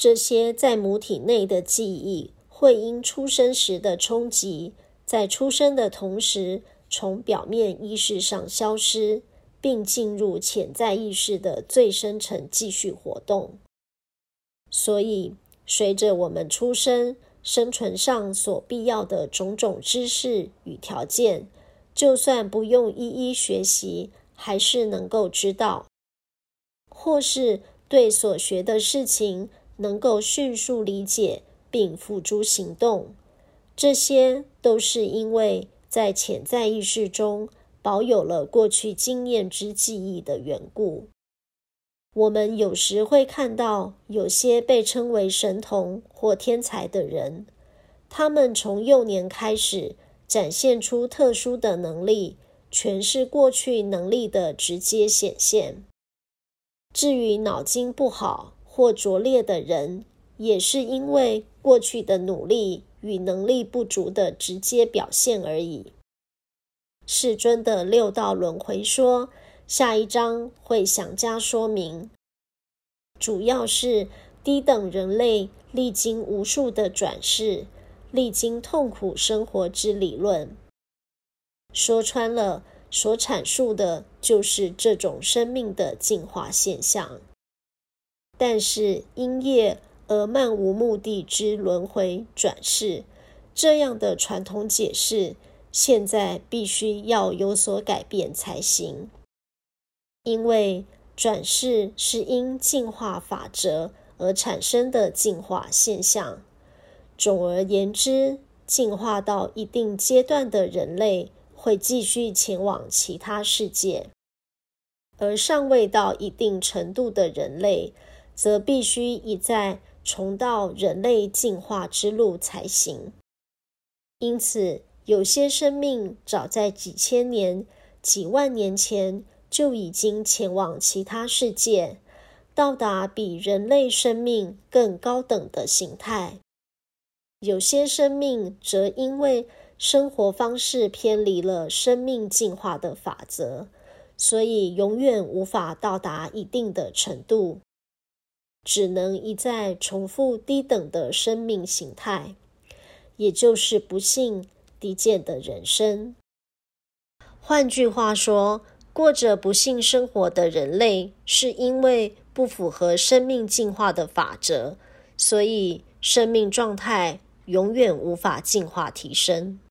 這些在母體內的記憶會因出生時的衝擊，在出生的同時從表面意識上消失，並進入潛在意識的最深層繼續活動。所以，隨着我們出生，生存上所必要的種種知識與條件，就算不用一一學習，還是能夠知道，或是對所學的事情。能夠迅速理解，並付諸行動，這些都是因為在潛在意識中保有了過去經驗之記憶的緣故。我們有時會看到有些被稱為神童或天才的人，他們從幼年開始展現出特殊的能力，全是過去能力的直接顯現。至於腦筋不好，或拙劣的人，也是因為過去的努力與能力不足的直接表現而已。世尊的六道輪迴說，下一章會詳加說明。主要是低等人類歷經無數的轉世，歷經痛苦生活之理論。說穿了，所闡述的就是這種生命的進化現象。但是因業而漫無目的之輪迴轉世，這樣的傳統解釋現在必須要有所改變才行。因為轉世是因進化法則而產生的進化現象。總而言之，進化到一定階段的人類會繼續前往其他世界，而尚未到一定程度的人類。則必須一再重蹈人類進化之路才行。因此，有些生命早在幾千年、幾萬年前就已經前往其他世界，到達比人類生命更高等的形態。有些生命則因為生活方式偏離了生命進化的法則，所以永遠無法到達一定的程度。只能一再重複低等的生命形態，也就是不幸低賤的人生。換句話說，過着不幸生活的人類，是因為不符合生命進化的法則，所以生命狀態永遠無法進化提升。